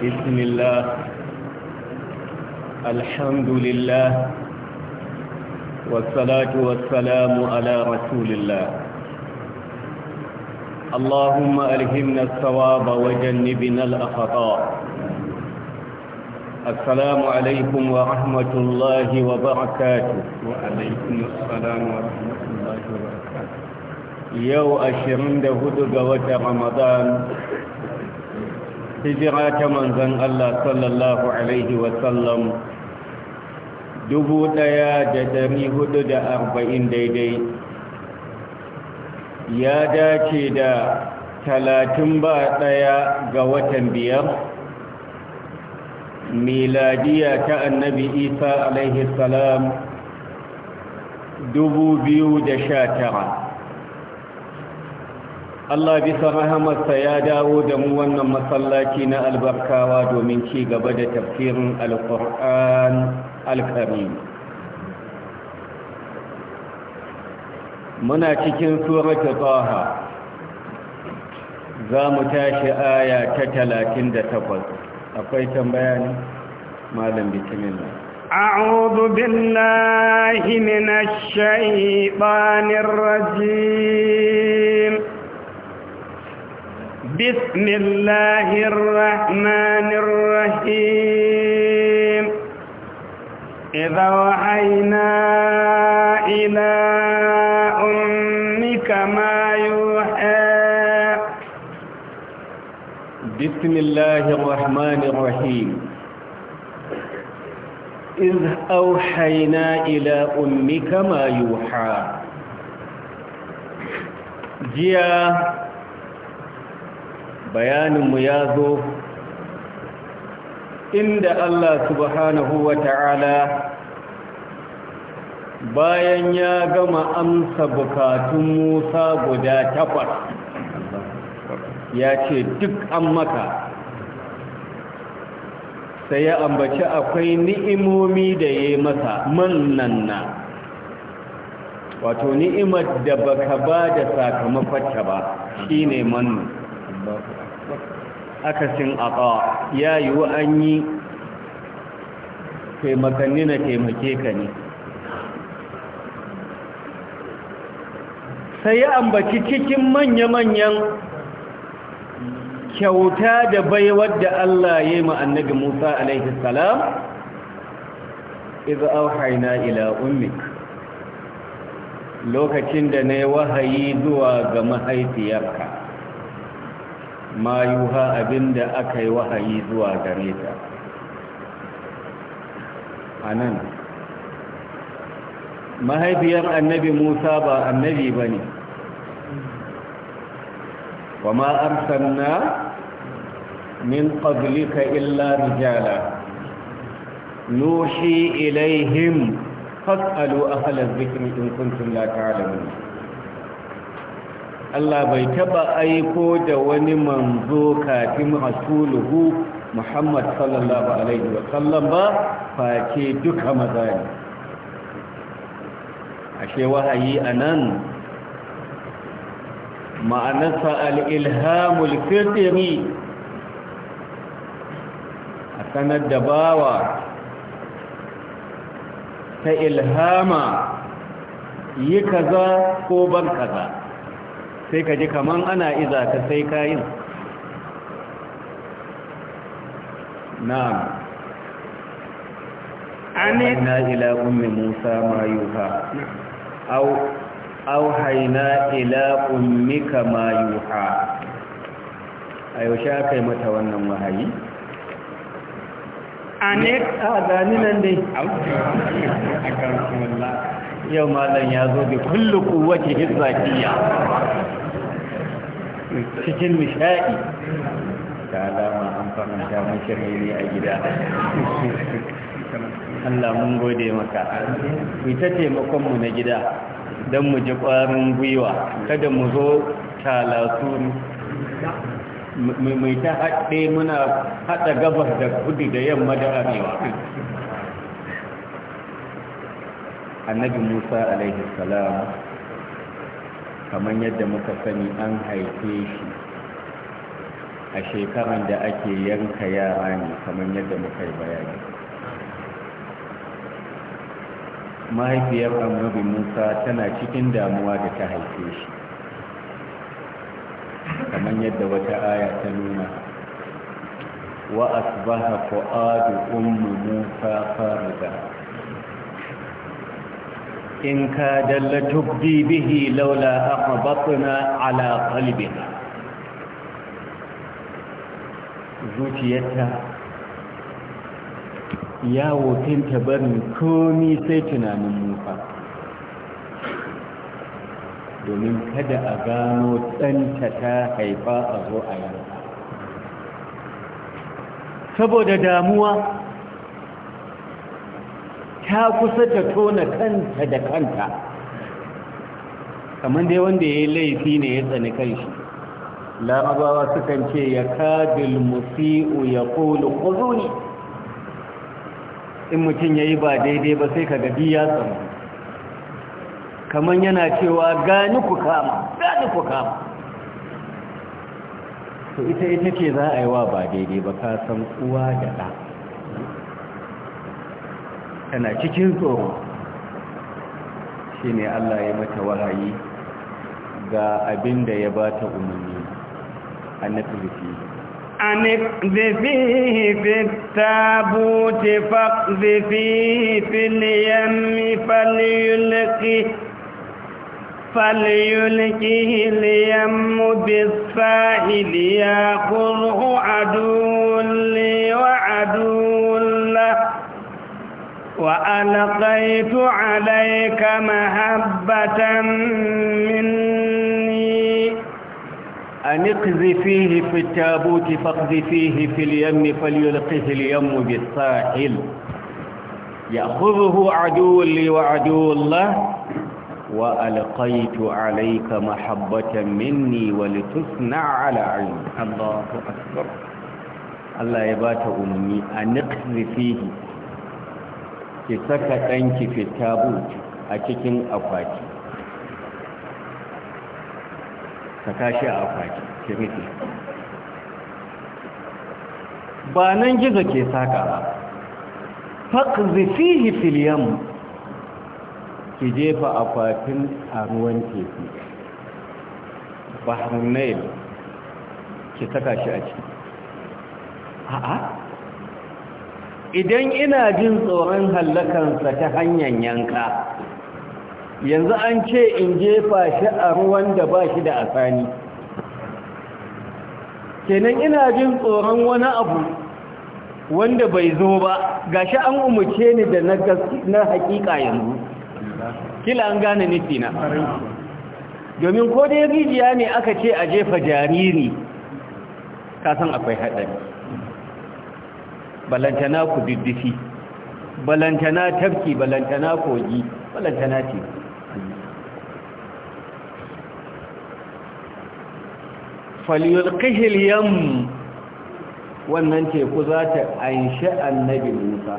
بسم الله الحمد لله والصلاة والسلام على رسول الله اللهم ألهمنا الثواب وجنبنا الأخطاء السلام عليكم ورحمة الله وبركاته وعليكم السلام ورحمة الله وبركاته يو أشرند هدق وترمضان رمضان hijira ta manzan Allah sallallahu Alaihi wasallam dubu ɗaya da dari hudu da arba'in daidai ya dace da talatin ba ɗaya ga watan biyar miladiya ta annabi isa alaihi salam dubu biyu da sha tara Allah bisa rahamarsa ya dawo da mu wannan masallaci na albarkawa domin ci gaba da tafsirin alkur'an alkarim muna cikin surata taha za mu tashi aya ta talatin da takwas akwai tambaya ne malam bitimillah أعوذ بالله من الشيطان الرجيم بسم الله الرحمن الرحيم إذا وحينا إلى أمك ما يوحى بسم الله الرحمن الرحيم إذ أوحينا إلى أمك ما يوحى جيا bayaninmu ya zo inda Allah subhanahu wa ta'ala bayan ya gama amsa bukatun Musa guda takwas ya ce duk an maka sai ya ambaci akwai ni'imomi da ya yi masa mannan na wato ni'imar da baka ba da sakamakon sakamakonta ba shine mannu akasin aka ya yi wa an yi taimakanni na taimake ka ne sai ya ambaci cikin manya-manyan kyauta da baiwar da Allah ya yi annabi Musa alaihi salam iza auhaina ila ummik lokacin da na yi wahayi zuwa ga mahaifiyarka ma yuha abinda aka yi wahayi zuwa gare ta a nan mahaifiyar annabi musa ba annabi ba ne wa ma na min qablika illa rijala nushi ilaihim fas'alu ahla dhikri in kuntum la ta'lamun Allah bai taba aiko da wani manzo kafin rasuluhu Muhammad sallallahu alaihi wa sallam ba face duka maza ne ashe wahayi anan ma'anarsa al-ilhamul fitri a sanar da bawa ta ilhama yi kaza ko ban kaza sai ka ji kaman ana iza ka sai kayin na'am ana ila ummi musa ma yuha aw auhaina ila ummika ma yuha a yaushe aka yi mata wannan wahayi a ne a gani nan dai yau malam ya zo da kullu kuwace hizzakiya cikin nishaɗi da alama amfani faranta mashi ne a gida Allah mun gode maka ita taimakonmu na gida don mu ji ƙwarin gwiwa kada mu zo talatun mai ta haɗe muna haɗa gabas da kudu da yamma da arewa annabi musa alaihi salam kamar yadda muka sani an haife shi a shekaran da ake yanka yara ne kamar yadda muka yi bayani mahaifiyar annabi musa tana cikin damuwa da ta haife shi kamar yadda wata aya ta nuna wa asbaha fu'adu ummu musa farida in ka dalla tubdi bihi laula aqbatna ala qalbika zuciyarta yawo tinta barin komi sai tunanin nufa. domin kada a gano ɗanta ta haifa a zo a yanka saboda damuwa ta kusa ta tona kanta da kanta kamar dai wanda ya yi laifi ne ya tsani kanshi larabawa sukan ce ya kadil musi'u ya kulu kuzuni in mutum ya yi ba daidai ba sai ka gabi ya tsamu kamar yana cewa gani ku kama gani ku kama to ita ita ce za a yi wa ba daidai ba ka san uwa da ɗan tana cikin tsoro shine Allah ya mata wahayi ga abin da ya ba ta umarni a An annabi ta anif zafi fit tabuti faqzifihi fil yammi falyulqi فليلقه اليم بالساحل ياخذه عدو لي وعدو وألقيت عليك محبة مني أن فيه في التابوت فاقذفيه في اليم فليلقه اليم بالساحل يأخذه عدو لي وعدو الله وألقيت عليك محبة مني ولتصنع على عيني الله أكبر الله يبات أمي أن فيه ki saka ɗanki fitabu a cikin akwati ka shi a akwati ki rufe ba nan gizo ke saka ba faqzifihi fil yam ki jefa akwatin a ruwan teku bahrun nail ki saka shi a ciki a'a idan ina jin tsoron hallakansa ta hanyar yanka yanzu an ce in jefa shi a ruwan da ba shi da asani kenan ina jin tsoron wani abu wanda bai zo ba gashi an umarce ni da na hakika yanzu kila an gane ni na domin ko dai rijiya ne aka ce a jefa jariri kasan akwai haɗari balantana ku diddifi balantana tafki balantana kogi balantana teku faliyulkihil yam wannan teku za ta anshi annabi musa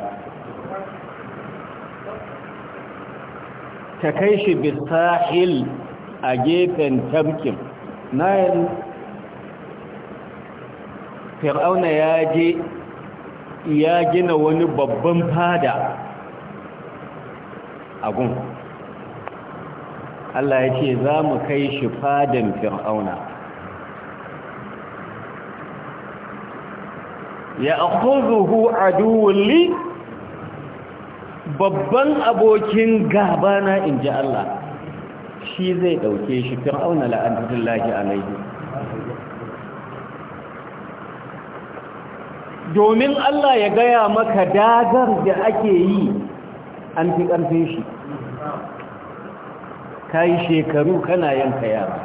ta kai shi bisahil a gefen tafkin na yin fir'auna ya je ya gina wani babban fada a gun Allah ya ce za mu kai shi fadan fir'auna ya a duwulli babban abokin gabana in ji Allah shi zai ɗauke shi fir'auna a alaihi domin Allah ya gaya maka dagar da ake yi an fi ƙarfin shi ka yi shekaru kana yanka yara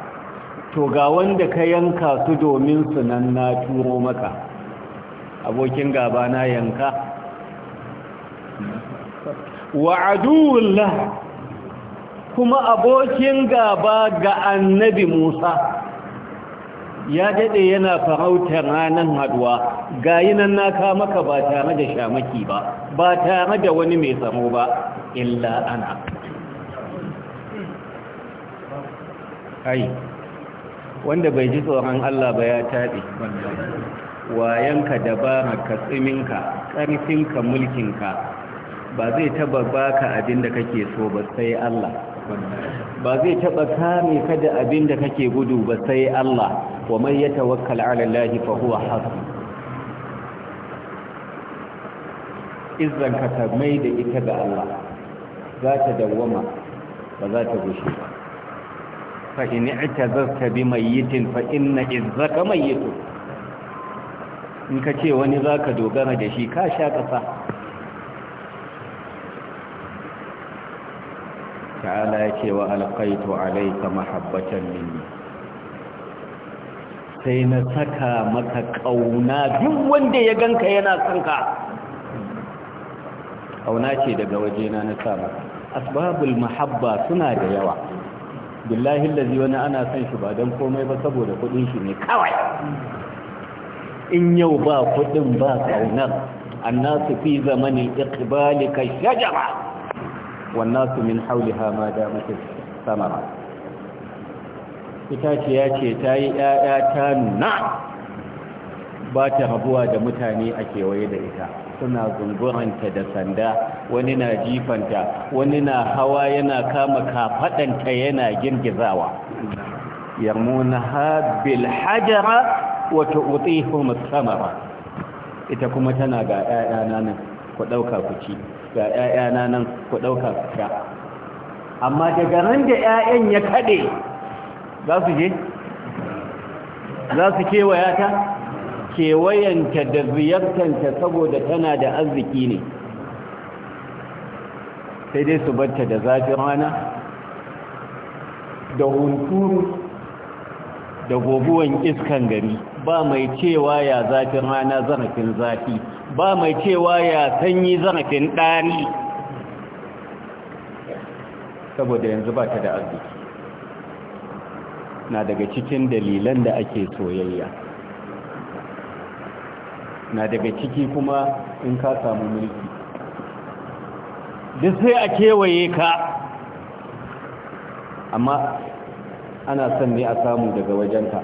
to ga wanda ka yanka su domin su nan na turo maka abokin gaba na yanka wa kuma abokin gaba ga annabi musa ya daɗe yana farautar ranar haduwa ga nan na ka maka ba tare da shamaki ba ba tare da wani mai tsaro ba illa ana ai wanda bai ji tsoron Allah ba ya taɗe wayanka dabararka tsiminka ƙarfinka mulkinka ba zai taba baka abin da kake so ba sai Allah ba zai taba kame ka da abin da kake gudu ba sai Allah wa man yatawakkal ala Allah fa huwa hasbu Izan ka ta mai da ita ga Allah za ta dawwama ba za ta gushe ba fa in i'tazarta bi mayyitin fa inna izzaka mayyitun in ka ce wani za ka dogara da shi ka sha ƙasa ta'ala ya ce wa alƙaitu alaika mahabbatan minni sai na saka maka ƙauna duk wanda ya ganka yana sanka ƙauna ce daga wajena na samu asbabul mahabba suna da yawa billahi lazi wani ana son shi ba don komai ba saboda kudin shi ne kawai in yau ba kudin ba ƙaunar annasu fi zamanin iqbali ka shajara wannasu min hauliha ma damatin samara itaciya ce ta yi ‘ya'ya ta nuna ba ta rabuwa da mutane a kewaye da ita suna zunguranta da sanda wani na jifanta wani na hawa yana kama kafaɗanta yana girgizawa yarmuna habil hajara wata utsihu samara ita kuma tana ga ‘ya'yana nan ku ɗauka ku ci ga ‘ya'yana nan ku ɗauka ku sha amma daga ran da ‘ya'yan ya kaɗe za su je za su kewaya ta kewayanta da ziyartanta saboda tana da arziki ne sai dai su barta da zafi rana da hunturu da goguwan iskan gari ba mai cewa ya zafin rana zarafin zafi ba mai cewa ya sanyi zarafin ɗari, saboda yanzu ba ta da arziki na daga cikin dalilan da ake soyayya na daga ciki kuma in ka samu mulki duk sai a kewaye ka amma ana son ne a samu daga wajenka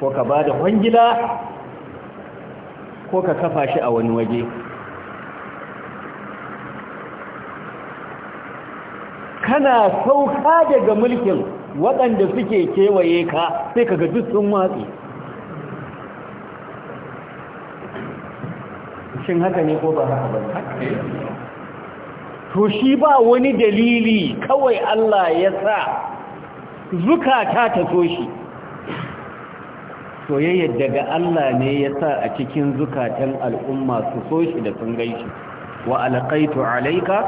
ko ka ba da kwangila ko ka kafa shi a wani waje kana sauka daga mulkin waɗanda suke kewaye ka sai ka duk sun watsi shin haka ne ko ba haka ba to shi ba wani dalili kawai Allah ya sa zukata ta so shi soyayyar daga Allah ne ya sa a cikin zukatan al'umma su so shi da sun gaishi wa alaƙaitu alaika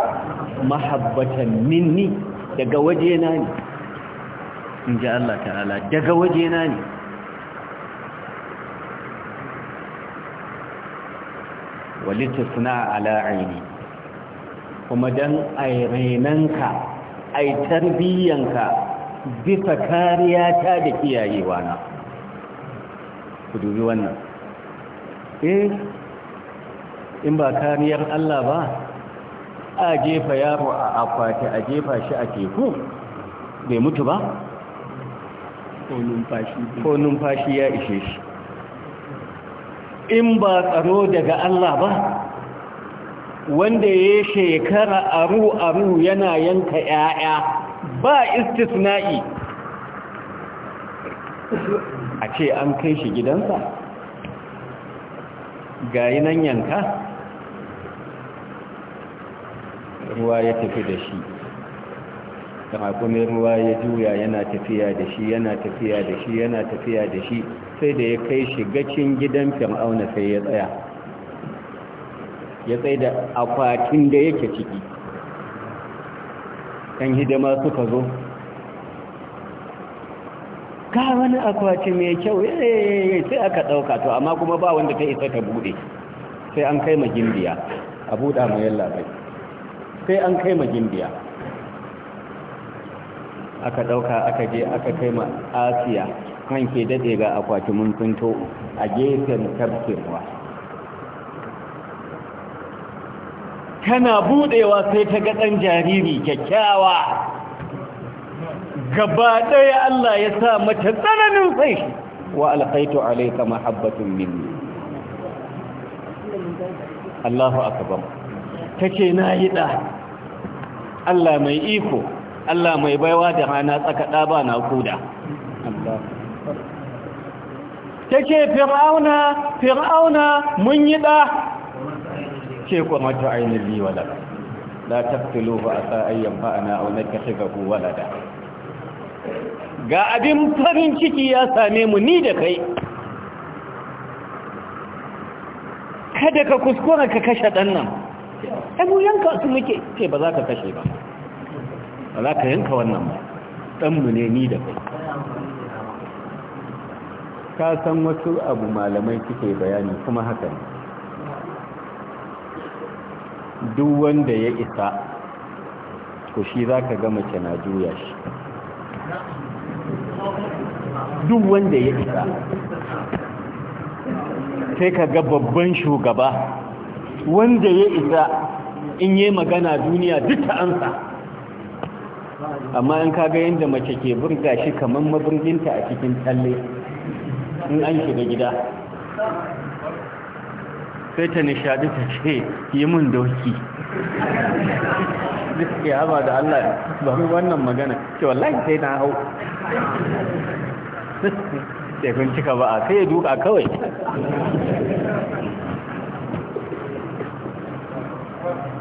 mahabbatan minni daga wajena ne in ji Allah ta'ala daga wajena ne walitusna ala aini kuma dan ai rainanka ai tarbiyyanka bisa kariya ta da kiyayewa na ku dubi wannan eh in ba kariyar Allah ba a jefa yaro a akwati a jefa shi a teku bai mutu ba ko numfashi ya ishe shi in ba tsaro daga Allah ba wanda ya shekara aru-aru yana yanka ‘ya'ya ba istisna'i a ce an kai shi gidansa yi nan yanka ruwa ya tafi da shi kuma ruwa ya juya yana tafiya da shi yana tafiya da shi yana tafiya da shi sai da ya kai shi gacin gidan fir'auna sai ya tsaya ya tsaye da akwatin da yake ciki kan hidima suka zo ka wani akwati mai kyau eh, sai aka ɗauka to amma kuma ba wanda ta isa ta buɗe sai an kai ma gimbiya a buɗa mai yalla sai an kai ma gimbiya aka ɗauka aka je aka kai ma asiya kan ke dade ga akwati mun tsinto a gefen tabkirwa tana buɗewa sai ta ga dan jariri kyakkyawa gaba ɗaya Allah ya sa mata tsananin sai wa alqaitu alayka mahabbatun minni Allahu akbar tace na yi da Allah mai iko Allah mai baiwa da rana tsakaɗa ba na kuda ta ce fir'auna fir'auna mun yi ɗa ce kuma ta ainihi walada la taftilo ba a sa'ayyan ba a wani kashe gabu walada ga abin farin ciki ya same mu ni da kai kada ka kuskura ka kashe ɗannan abu yanka su muke ce ba za ka kashe ba ba ka yanka wannan ba ɗanmu ne ni da kai ka san wasu abu malamai suke bayani kuma haka ne duk wanda ya isa to shi za ka gama na juya shi duk wanda ya isa sai ka ga babban shugaba wanda ya isa in yi magana duniya duk ta ansa amma in kaga yadda mace ke burga shi kamar maburginta a cikin tsalle in an shiga gida sai ta nishadi ta ce yi mun doki duk ya ba da Allah ba mu wannan magana ce wallahi sai na hau sai kun cika ba a sai ya duka kawai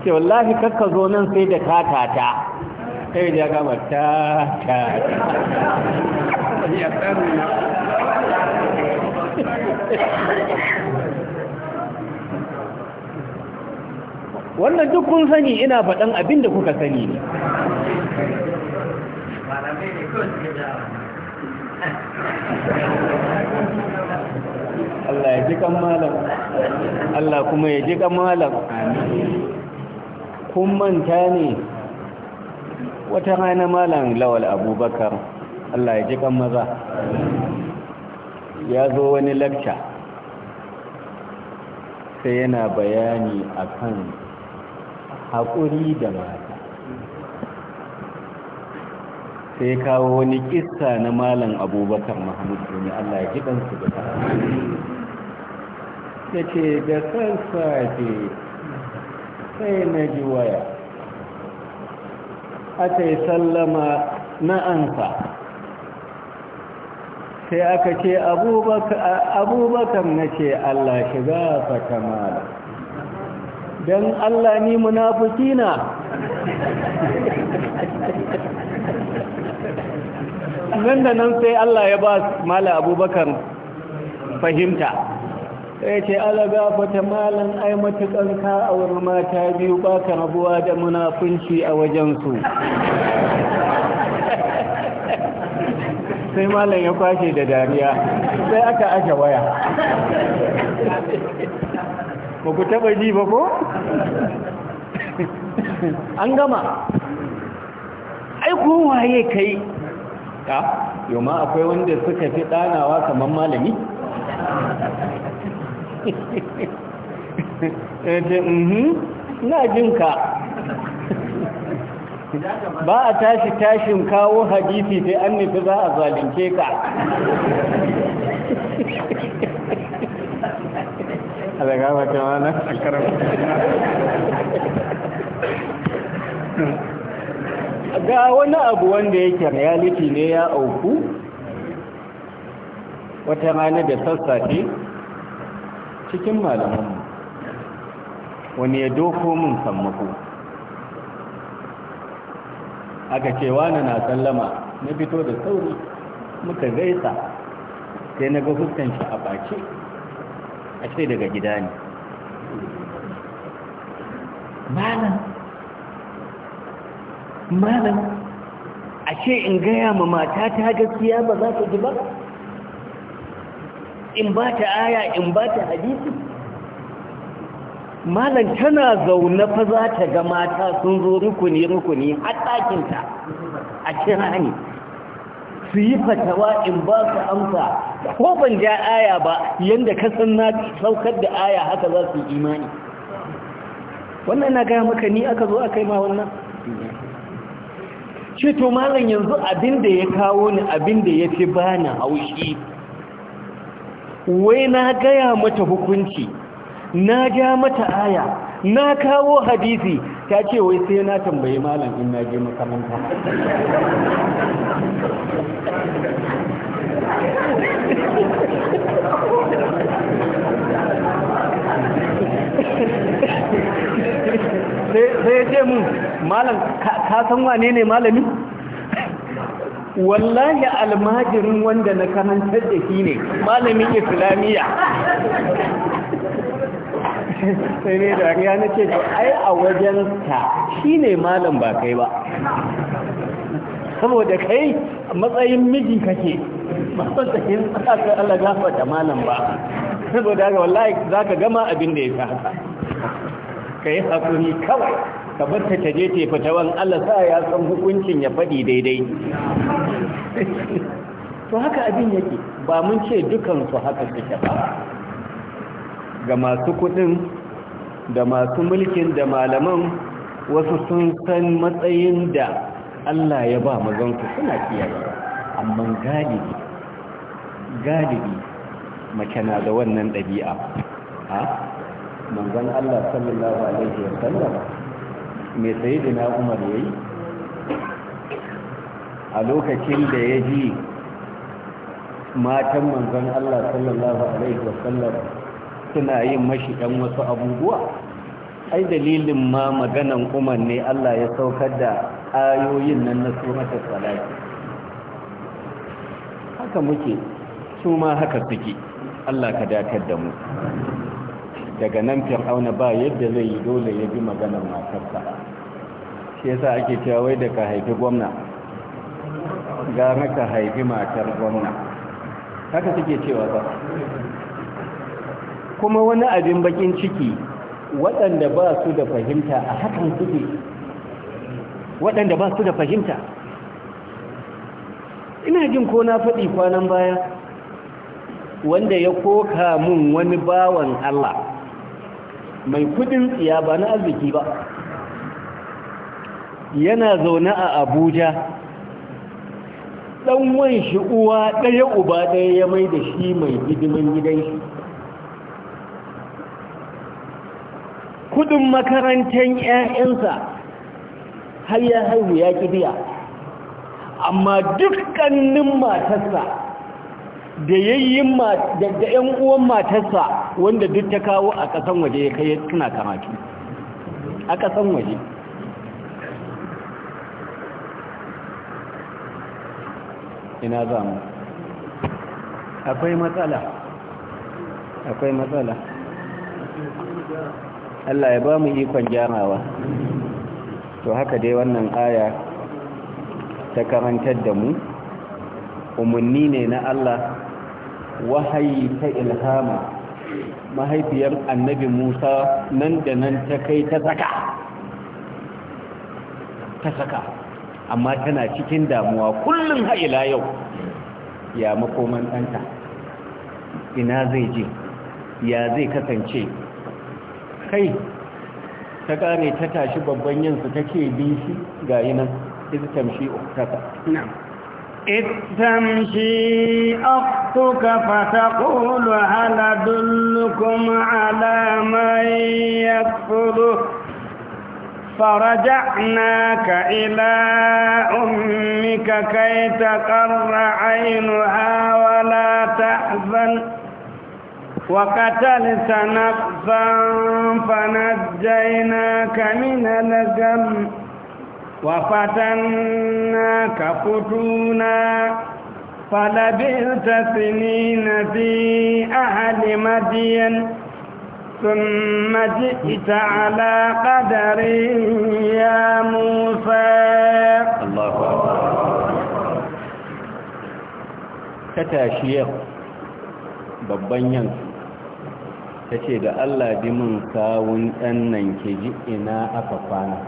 ce wallahi kakka zo nan sai da tata. sai ya gama ta ta wannan duk kun sani ina faɗan abin da kuka sani ne Allah ya ji kan malam Allah kuma ya ji kan malam kun manta ne wata rana malam lawal abubakar allah ya ji kan maza ya zo wani lakca sai yana bayani akan haƙuri da mata sai kawo wani kissa na malam abubakar mahmud ne allah ya ji da ya ce da sassafe sai na ji waya aka yi sallama na ansa sai aka ce abubakar na ce Allah shiga ta mala don Allah ni munafuki na nan da nan sai Allah ya ba mala abubakar fahimta ya ce alaga fata malan ai matukan ka a wurin mata biyu ba ka rabuwa da munafunci a wajensu sai malan ya kwashe da dariya sai aka aje waya ba ku taba ji ba ko? an gama ai waye kai ta yau akwai wanda suka fi ɗanawa kamar malami Eh, mhm, na jinka ba a tashi tashin kawo hadisi sai an nufi za a zalince ka a daga bakin wani a karar ga wani abu wanda yake reality ne ya auku wata rana da sassafe cikin malamanmu wani ya doko min sammako aka ce wani na sallama na fito da sauri muka gaisa sai na ga fuskan shi a baki a ce daga gida ne malam malam a ce in gaya ma mata ta gaskiya ba za ta ji ba in ba ta aya in ba ta hadisi malam tana zaune fa za ta ga mata sun zo rukuni-rukuni har ɗakinta a kira ne su yi fatawa in ba su amsa ko ban ja aya ba yadda san na saukar da aya haka za su imani wannan na gaya maka ni aka zo a kai ma wannan ce to malam yanzu abin da ya kawo ni abin da ya fi bani haushi wai na gaya mata hukunci na ja mata aya na kawo hadisi ta ce wai sai na tambayi malam in na je makaranta sai ce mun malam ka san wane ne malami wallahi almajirin wanda na karantar da shi ne malamin islamiyya sai ne da ya na ce ai a wajensa shi ne malam ba kai ba saboda kai matsayin miji kake matsayin tsaka Allah gafa da malam ba saboda haka wallahi zaka gama abin da ya ka haka kai hakuri kawai ka bar ta taje ta fitawan Allah sa ya san hukuncin ya faɗi daidai to haka abin yake ba mun ce dukansu haka suke ba ga masu kudin da masu mulkin da malaman wasu sun san matsayin da Allah ya ba mazansu suna kiyaye amma galibi galibi mace na da wannan ɗabi'a ha manzon Allah sallallahu alaihi wa sallallahu mai na umar ya yi a lokacin da ya ji matan manzan Allah sallallahu alaihi wasallam suna yin mashi ɗan wasu abubuwa ai dalilin ma maganan umar ne Allah ya saukar da ayoyin nan na suratul tsalaki haka muke su ma haka suke Allah ka dakar da mu daga nan fir'auna ba yadda zai yi dole ya bi maganar matarsa shi yasa ake cewa wai da ka haifi gwamna gara ka haifi matar gwamna haka suke cewa ba kuma wani abin bakin ciki waɗanda ba su da fahimta a hakan suke waɗanda ba su da fahimta ina jin ko na faɗi kwanan baya wanda ya koka mun wani bawan Allah mai kudin tsiya ba na arziki ba yana zaune a abuja Ɗan shi uwa ɗaya uba ɗaya ya mai da shi mai hidiman gidan shi kudin makarantar 'ya'yansa har ya haihu ya biya. amma dukkanin matarsa da yayin da 'yan uwan matarsa wanda duk ta kawo a ƙasan waje ya kai suna karatu a ƙasan waje ina za mu akwai matsala akwai matsala Allah ya ba mu ikon gyarawa to haka dai wannan aya ta karantar da mu umarni ne na Allah wahayi ta ilhama mahaifiyar annabi musa nan da nan ta kai ta saka ta amma tana cikin damuwa kullum ha'ila yau ya makoman ɗanta ina zai je ya zai kasance kai ta ƙare ta tashi babban yansu take shi ga yi nan shi uktaka na'am إذ تمشي أختك فتقول هل أدلكم على من يكفله فرجعناك إلى أمك كي تقر عينها ولا تحزن وقتلت نفسا فنجيناك من الجنب وفتناك فتونا فلبئت سنين في أهل مدين ثم جئت على قدر يا موسى الله تتاشير babban ta ce da Allah ji mun kawun ɗan nan ke ji ina aka kwana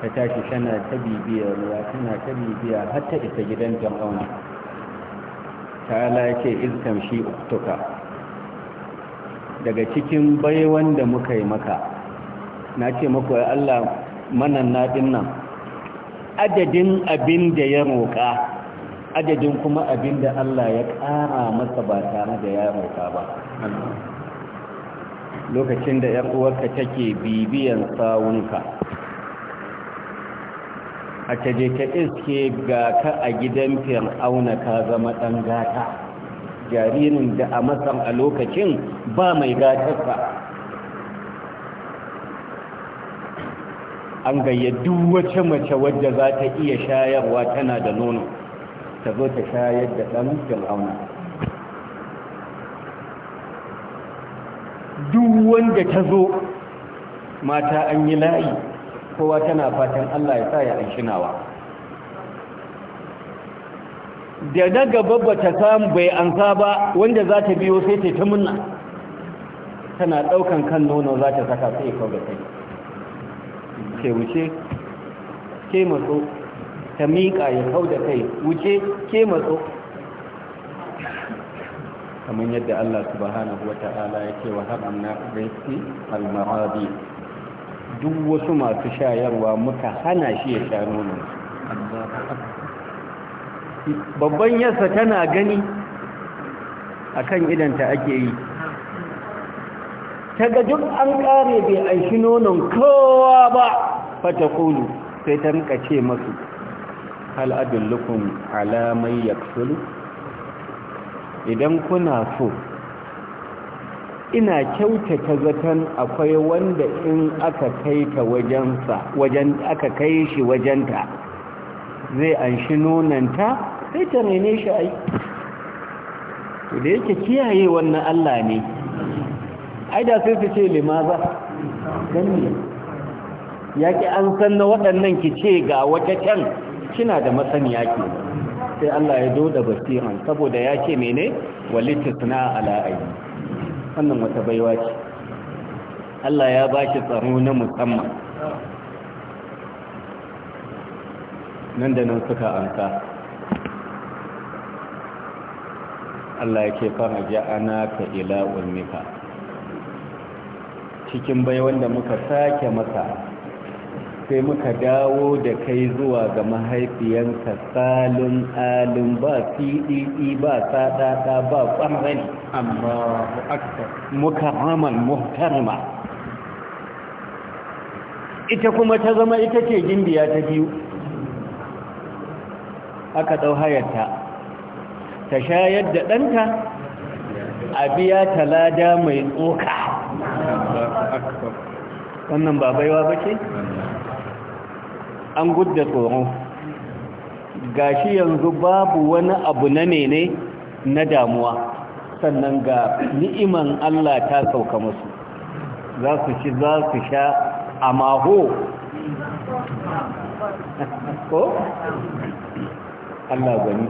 ta tashi tana ta bibiyar ruwa tana ta bibiya har ta isa gidan jama'a ta ya ce shi uktuka daga cikin baiwan da muka yi maka na ce maku ya Allah manan naɗin nan adadin abin da ya roƙa adadin kuma abin da Allah ya ƙara masa ba tare da ya roƙa ba lokacin da ‘yar'uwarka take bibiyan sawunka a kaje ka iske ga ka a gidan fir'auna ka zama ɗan gata jaririn da a matsan a lokacin ba mai gatarsa an gayyadu wace mace wadda za ta iya shayarwa tana da nono ta zo ta shayar da ɗan fir'auna duk wanda ta zo mata an yi layi kowa tana fatan Allah ya sa ya anshinawa da na gaba ba ta samu bai ansa ba wanda za ta biyo sai ta munna tana ɗaukan kan nono za ta saka sai kawai sai ke wuce ke matso ta miƙa ya kau da kai wuce ke matso kamar yadda Allah subhanahu wa ta'ala ya ce wa haɗa na al maadi duk wasu masu shayarwa muka hana shi ya sha nono babban yasa tana gani a kan idanta ake yi taga duk an kare bai aishi nonon kowa ba fata kulu sai ta rika ce masu hal lukun alamai ya idan kuna so ina kyautata zaton akwai wanda in aka kai ta wajensa wajen aka kai shi wajenta zai an shi nonanta sai ta rene shi ai to da yake kiyaye wannan Allah ne ai da sai su ce limaza dan ne an san na waɗannan ki ce ga wata can kina da masaniya ke sai Allah ya zo da basiran saboda ya ce mene walitsna suna ala aini wannan wata baiwa ce Allah ya ba shi tsaro na musamman nan da nan suka amsa Allah ya ce fara ja'ana ka ila ulmika cikin baiwan da muka sake maka, sai muka dawo da kai zuwa ga mahaifiyanka salin alin ba fiɗiɗi e, ba saɗaɗa ba ƙwanrani mukarraman muhtarima ita kuma ta zama ita ce gimbiya ta biyu aka dau ta sha yadda ɗanta a biya talada mai tsoka wannan ba baiwa ba ce? an gudda tsoro gashi yanzu babu wani abu na ne na damuwa sannan ga ni'iman Allah ta sauka musu za su ci za su sha a maho ko? Allah gani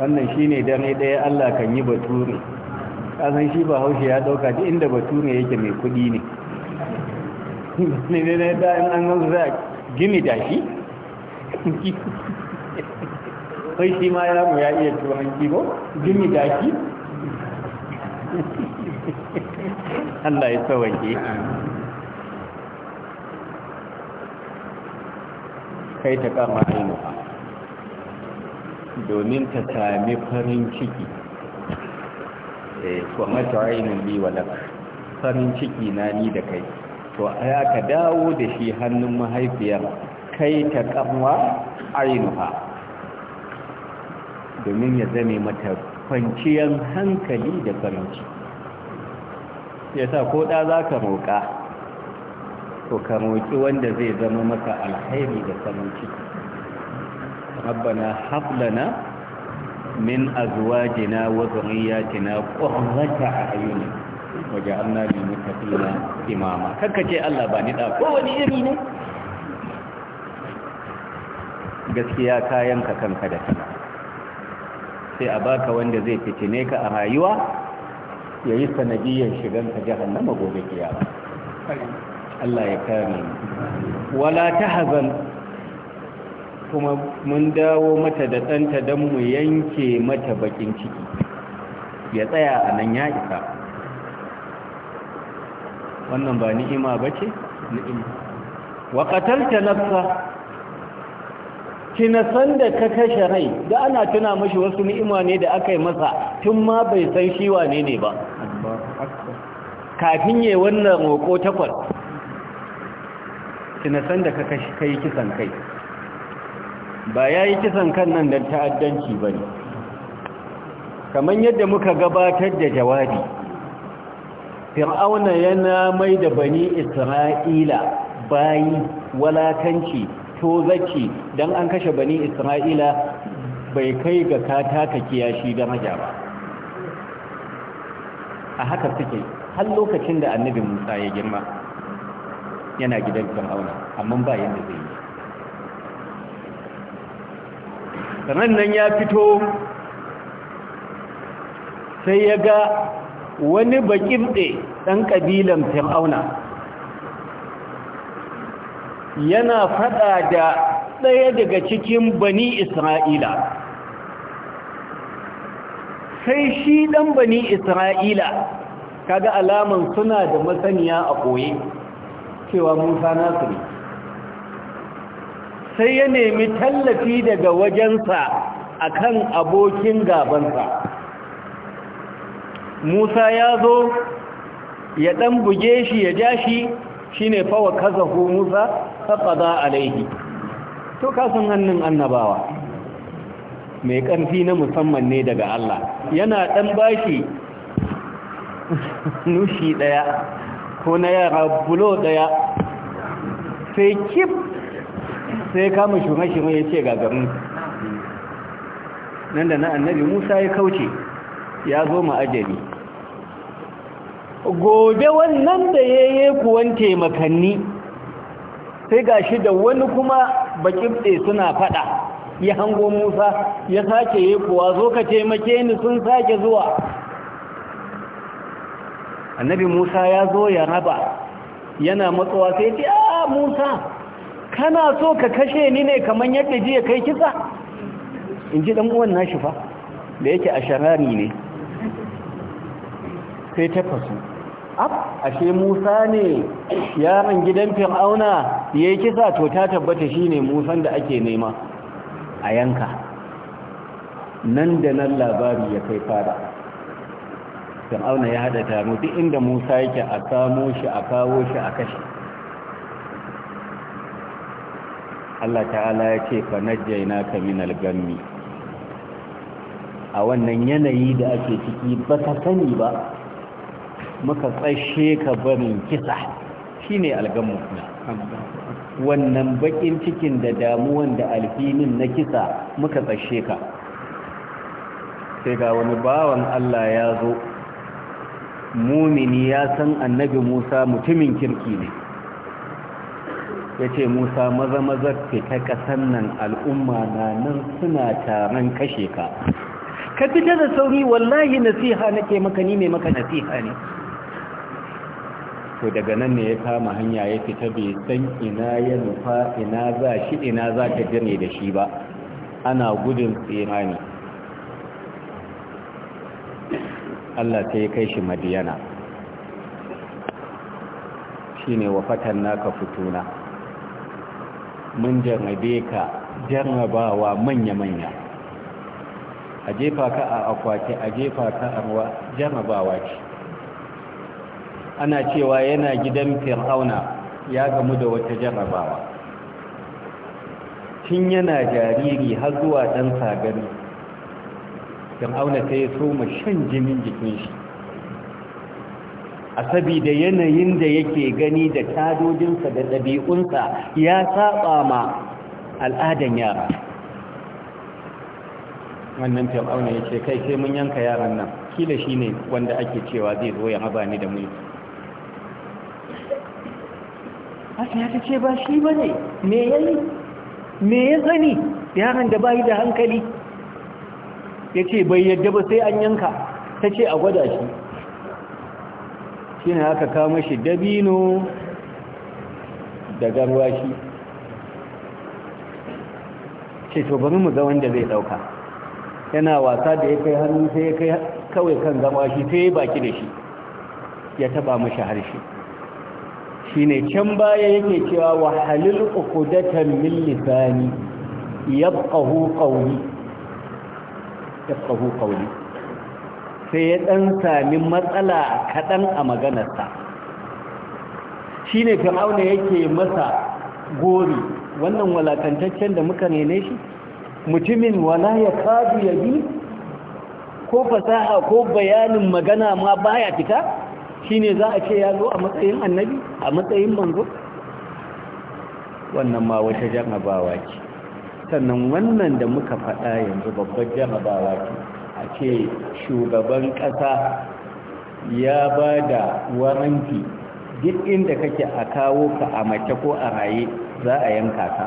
wannan shi ne dare ɗaya Allah kan yi bature ƙasan shi ba haushe ya ɗauka ji inda bature yake mai kuɗi ne ne ne da an gansu gini da shi akwai shi ma ya ya iya turanci ko gini daki Allah ya tsawake kai ta kama ainiha domin ta sami farin ciki ko eh, mata ainihin bi liwalar farin ciki na ni da kai to aya ka dawo da shi hannun mahaifiyar kai ta kama ainiha domin ya zame mata kwanciyar hankali da farinci ya sa ko ɗa za ka roƙa ko ka roƙi wanda zai zama maka alhairi da farinci rabbana hablana min azwajina wa zurriyatina an a'yun waj'alna lil na imama ce Allah ba ni da wani iri ne gaskiya kayan ka kanka da kanka sai a baka wanda zai fitine ka a rayuwa ya yi sanadiyar shigan ka jahannama gobe kiyama Allah ya kare wala ta hazan. kuma mun dawo mata da ɗanta don mu yanke mata bakin ciki ya tsaya a nan ya isa wannan ba ni'ima ba ce? ni'ima wa ta nafsa san da ka kashe rai da ana tuna mashi wasu ni'ima ne da aka yi masa tun ma bai san shi wane ne ba kafin yi wannan roƙo takwas san da ka kashe kai kisan kai ba ya yi kisan kan nan da ta'addanci ba ne kamar yadda muka gabatar da jawabi fir'auna yana mai da bani isra'ila bayi walakanci zaki don an kashe bani isra'ila bai kai ga kataka kiyashi da maja ba a haka suke har lokacin da annabi musa ya girma yana gidan fir'auna amma ba yadda zai yi rannan ya fito sai ya ga wani bakin ɗe ɗan ƙabilan fir'auna yana fada da ɗaya daga cikin bani isra'ila sai shi ɗan bani isra'ila kaga alaman suna da masaniya a koye cewa musa nasu ne sai ya nemi tallafi daga wajensa akan abokin gabansa musa ya zo ya ɗan buge shi ya ja shi shi ne fawa kazahu musa a alaihi to kasan hannun annabawa mai ƙarfi na musamman ne daga Allah yana ɗan bashi nushi ɗaya ko na yara bulo ɗaya sai kif sai kama shume-shume ya ce garin nan da na annabi musa ya kauce ya zo ma'ajali gobe wannan da ya yi kuwan taimakanni sai ga shi da wani kuma bakibde suna faɗa, ya hango Musa ya sake yi kuwa zo ka taimake ni sun sake zuwa annabi Musa ya zo ya raba yana matsuwa sai ce a Musa kana so ka kashe ni ne kamar yadda jiya kai kisa in ji dan uwan nashi fa da yake a sharari ne sai ta fasu ab ashe musa ne yaron gidan fir'auna yayi kisa to ta tabbata shine ne da ake nema a yanka nan da nan labari ya kai fara fir'auna ya haɗa taro duk inda musa yake a samo shi a kawo shi a kashe Allah ta'ala ya ce fa najjayna ka min al-gammi a wannan yanayi da ake ciki ba ta sani ba muka tsashe ka barin kisa shine algamu wannan bakin cikin da damuwan da alfinin na kisa muka tsashe ka sai ga wani bawan Allah ya zo mumini ya san annabi Musa mutumin kirki ne ya ce Musa maza maza fita kasan nan al'umma na nan suna taron kashe ka ka fita da sauri wallahi nasiha nake maka ni ne maka nasiha ne to daga nan ne ya kama hanya ya fita bai san ina ya nufa ina za shi ina za ta jane da shi ba ana gudun tsimani Allah ta yi kai shi madiyana shi ne wafatan naka fituna mun jarrabe ka jarrabawa manya-manya a jefa ka a akwati a jefa ka a ruwa jarrabawa ce ana cewa yana gidan fir'auna ya gamu da wata jarrabawa tun yana jariri har zuwa ɗan sagari fir'auna ta yi soma shan jinin jikin shi a sabida yanayin da yake gani da tadojinsa da ɗabi'unsa ya saba ma al'adan yara wannan fir'auna ya ce kai sai mun yanka yaran nan kila shi ne wanda ake cewa zai zo ya haba ni da mulki ya ta ce ba shi ba ne me ya yi me yaran da bayi da hankali ya ce bai yadda ba sai an yanka ta ce a gwada shi shi ne aka kama shi dabino da shi ce to bari mu ga wanda zai dauka yana wasa da ya kai hannu sai ya kai kawai kan gama shi sai ya baki da shi ya taba mashi harshe shine can baya yake cewa wa halil uqdatan min lisani yabqahu qawli yabqahu qawli sai ya dan sami matsala kadan a maganarsa shine fir'auna yake masa gori wannan walakantaccen da muka nene shi mutumin wala ya kadu yabi ko fasaha ko bayanin magana ma baya fita ne za a ce ya zo a matsayin annabi a matsayin manzo wannan ma wata jarabawa ce sannan wannan da muka faɗa yanzu babbar jarabawa ce a ce shugaban ƙasa ya ba da waranti duk inda kake a kawo ka a mace ko a raye za a yanka ka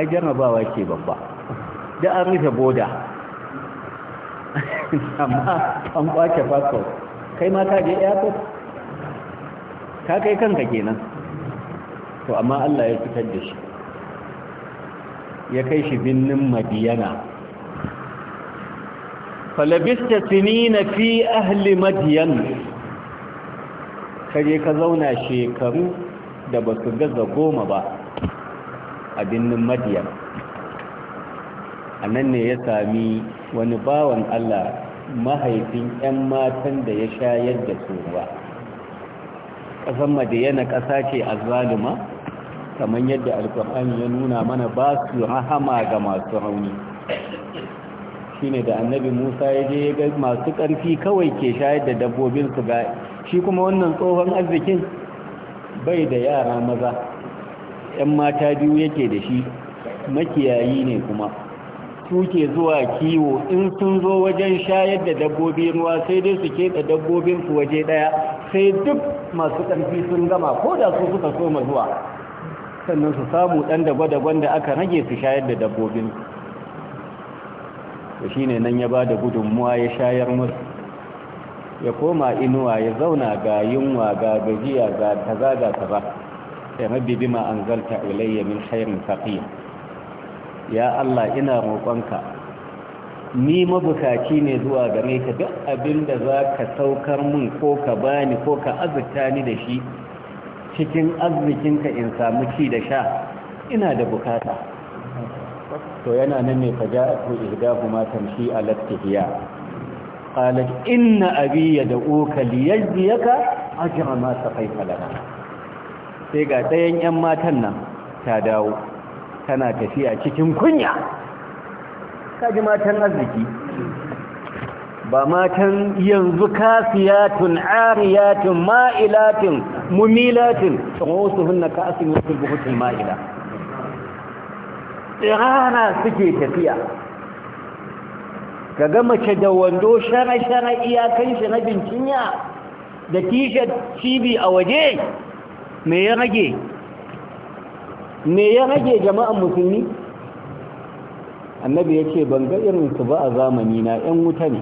ai jarabawa ce babba da an rufe boda amma an kwace fasfo kai ma ka airport ka kai kanka kenan to amma Allah ya fitar da shi ya kai shi binnin madiyana falabista sinina fi ahli madiyan kaje ka zauna shekaru da ba su gaza goma ba a binnin madiyan a nan ne ya sami wani bawan Allah mahaifin 'yan matan da ya shayar da su ba ƙasar madiyana ƙasa ce a zalima kamar yadda alkur'ani ya nuna mana ba su rahama ga masu rauni Shi ne da annabi musa ya je ya ga masu ƙarfi kawai ke shayar da dabbobinsu ga shi kuma wannan tsohon arzikin bai da yara maza 'yan mata biyu yake da shi makiyayi ne kuma suke zuwa kiwo in sun zo wajen shayar da dabbobi ruwa sai dai su dabbobin dabbobinsu waje ɗaya sai duk masu ƙarfi sun gama ko da su suka soma zuwa sannan su samu ɗan dagwa gwada da aka rage su shayar da dabbobinsu da shi ne nan ya ba da gudunmuwa ya shayar musu ya koma inuwa ya zauna ga yunwa ga gajiya ga kaza ga kaza sai mabibi bima anzalta ilayya min khairin faqir ya Allah ina roƙonka ni mabukaci ne zuwa gare ka duk abin da za ka saukar mun ko ka bani ko ka azurta ni da shi cikin arzikinka in samu ci da sha ina da bukata to yana nan ne faja'atu ihdahu ma tamshi ala tihiya qalat inna abi yad'uka liyajziyaka ajra ma saqaita lana sai ga ɗayan 'yan matan nan ta dawo tana tafiya cikin kunya kaji matan arziki ba matan yanzu kafiyatun ariyatun ma'ilatun mumilatun tsawosuhunna ka asin wasu buhutun ma'ila tsirana suke tafiya ka ga mace da wando shana-shana iyakan shi na bincinya da t-shirt cibi a waje Me ya rage me ya rage jama'an musulmi annabi ya ce ban ga irinsu ba a zamani na 'yan wuta ne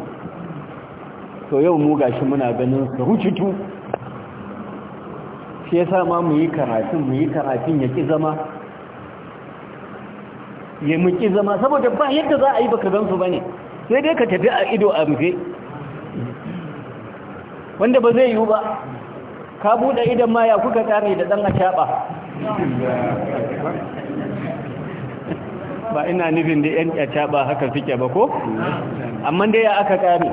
to yau mu gashi muna ganin su rucutu shi ya sa ma mu yi karatun mu yi karatun ya ƙi zama ya mu ƙi zama saboda ba yadda za a yi baka gansu ba ne sai dai ka tafi a ido a rufe wanda ba zai yiwu ba ka buɗe idan ma ya kuka kare da ɗan a ba ina nufin da yan kyata ba haka suke ba ko amma dai ya aka kare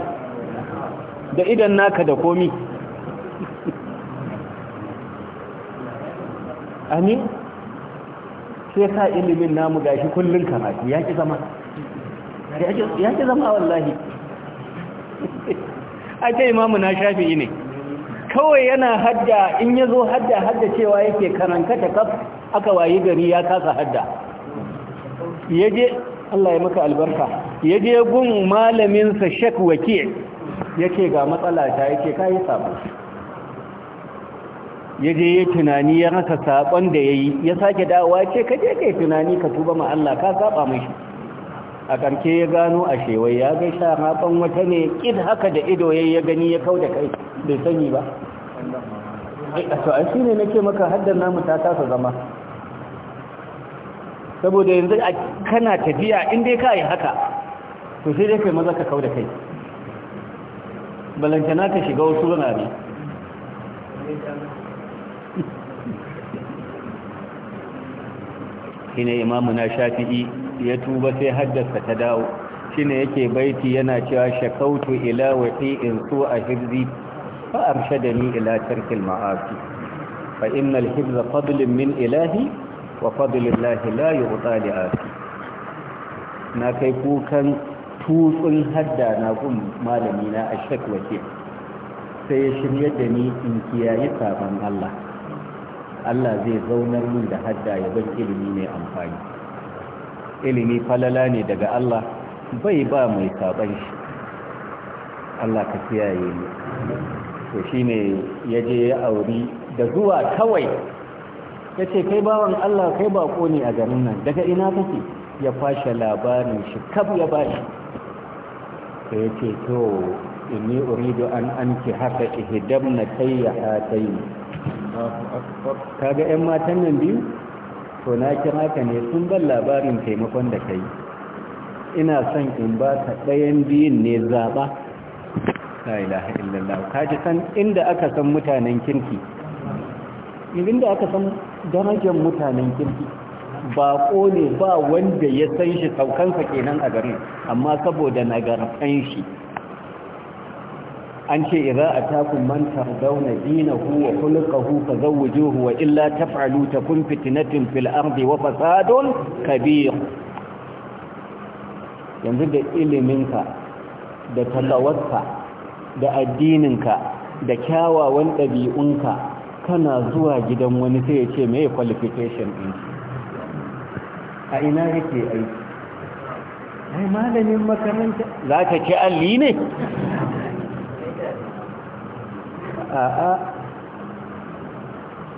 da idan naka da komi amin sai sa ilimin namu gashi kullum karatu ya ki zama ya ki zama wallahi a ce imamu na shafi ne kawai yana hadda in ya zo hadda hadda cewa yake karanka ta kaf aka wayi gari ya kasa hadda ya Allah ya maka albarka ya je gun malaminsa shek wake yake ga matsala ta yake kayi sabo ya je ya tunani ya rasa sabon da ya yi ya sake dawa ce ka je ka tunani ka tuba ma Allah ka saba mashi a ƙarke ya gano a shewai ya ga sharaɓan wata ne ƙid haka da ido ya yi gani ya kau da kai bai sani ba to a shi ne nake maka haddar namu ta tasa zama saboda yanzu kana tafiya in dai ka yi haka to sai dai kai maza ka kau da kai balantana ka shiga wasu wurare shi ne imamu na shafi'i ya tuba sai haddasa ta dawo shine yake baiti yana cewa shakautu ila waqi'in su a hirzi fa arshadani ila tarkil ma'asi fa innal hibza fadlun min ilahi wa lahi la yughta li asi na kai kukan tutsun hadda na gun malami na ashak sai ya shirya da ni in kiyaye sabon Allah Allah zai zaunar min da hadda ya bar ilimi mai amfani ilimi falala ne daga Allah bai ba mai saban shi Allah ka kiyaye ni to shine yaje ya auri da zuwa kawai yace kai bawan Allah kai bako ne a garin nan daga ina kake ya fashe labarin shi kab ya bashi sai yace to inni uridu an anki haka ihdamna tayya hatayn kaga ƴan matan nan biyu to na kira ka ne sun ban labarin taimakon da kai ina son in ba ka ɗayan biyun ne zaɓa yi ilaha illallah ka ji san inda aka san mutanen kirki inda aka san darajar mutanen kirki baƙo ne ba wanda ya san shi saukansa kenan a garin amma saboda nagartan shi an ce idza atakum man tardawna dinahu wa khuluquhu fazawwijuhu wa illa taf'alu kun fitnatun fil ardi wa fasadun kabir yanzu da iliminka da talawarka da addininka da kyawawan ɗabi'unka kana zuwa gidan wani sai ya ce mai qualification ɗin a ina yake aiki ai malamin makaranta za ka ci alli ne a'a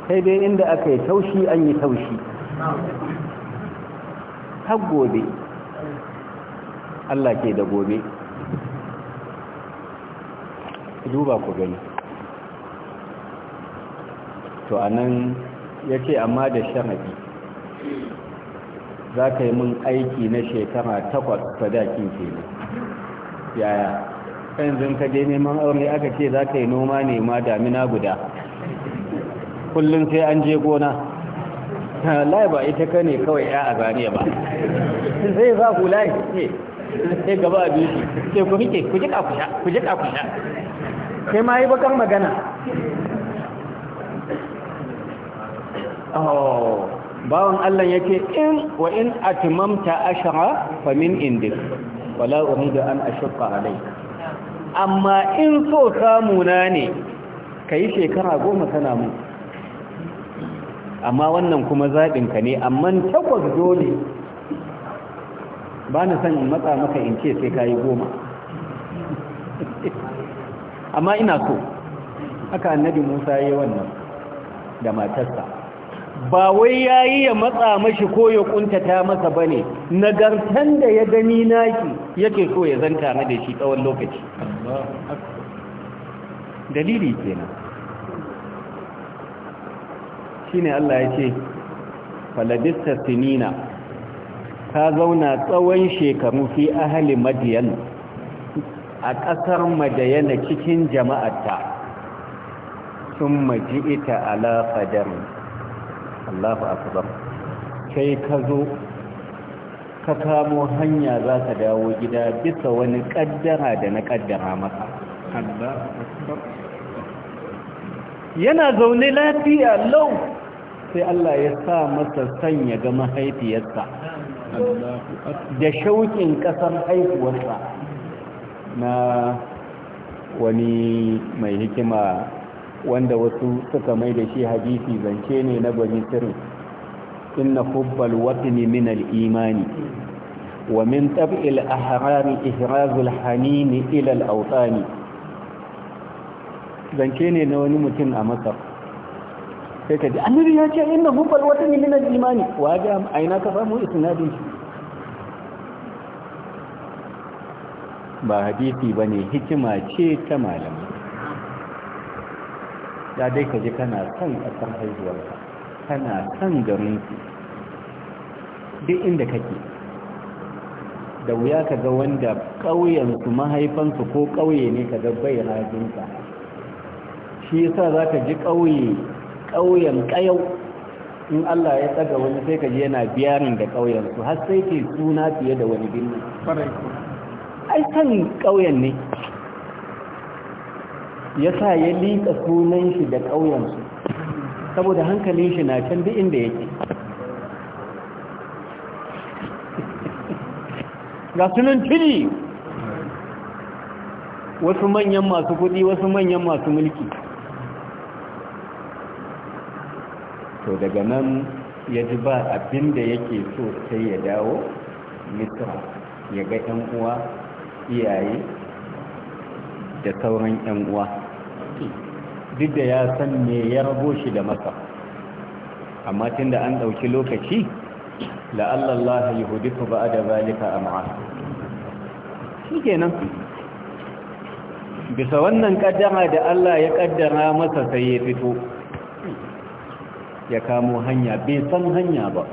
sai dai inda aka yi taushi an yi taushi har gobe Allah ke da gobe duba ku gani to anan ya ce amma da sharafi za ka yi mun aiki na shekara takwas ke ne yaya yanzu ka je neman aure aka ce za ka yi noma ne ma damina guda kullum sai an je gona lai ba ita ka ne kawai ya a zane ba sai za ku lai ne sai gaba a bishi sai ku rike ku jika kusha sai ma yi bakar magana oh bawan Allah yake in wa in atmamta ashara fa min indik wala uridu an ashqa alayka amma in so samuna ne ka yi shekara goma tana mu amma wannan kuma zaɓinka ne amma takwas dole ba na sanin in matsa maka in ce sai ka yi goma amma ina so haka annabi musa ya yi wannan da matarsa ba wai ya yi ya matsa mashi ko ya kuntata masa ba ne nagartan da ya gani naki yake so ya zanta na da shi tsawon lokaci dalili kenan shine Allah ya ce faladista sinina ka zauna tsawon shekaru fi ahali madiyan a ƙasar madayana cikin jama'arta sun maji ita ala fadar Allah akbar kai ka zo ka kamo hanya za ka dawo gida bisa wani kaddara da na kaddara maka yana zaune lafiya lau sai Allah ya sa masa son ya ga mahaifiyarsa da shauƙin ƙasar haihuwarsa na wani mai hikima wanda wasu suka mai da shi hadisi zance ne na gwani sirri inna hubbal watni min al-imani ومن طبع الأحرار إحراز الحنين إلى الأوطان zance ne na wani mutum a masar sai ka ji ya ce inna hubal wata min minal imani wa ga aina ka samu isnadin shi ba hadisi bane hikima ce ta malami da dai ka kana son kasar haihuwarka kana son garin duk inda da wuya ka ga wanda ƙauyensu mahaifansu ko ƙauye ne ka gabbai rajinsa shi yasa za ka ji ƙauye ƙauyen ƙayau in Allah ya tsaga wani sai ka ji yana biyarin da ƙauyensu har sai ke suna fiye da wani birni ai san ƙauyen ne ya sa ya liƙa sunan shi da ƙauyensu saboda hankalin shi na can duk inda yake ga sunan tuni wasu manyan masu kudi wasu manyan masu mulki to daga nan ya ji ba abinda da yake so sai ya dawo mitra ya ga 'yan uwa iyaye da sauran 'yan uwa duk da ya san me ya rago shi da masa amma tun da an ɗauki lokaci la'alla ba a da zalika am'a shikenan bisa wannan kaddama da Allah ya kaddara masa sai ya fito ya kamo hanya bai san hanya ba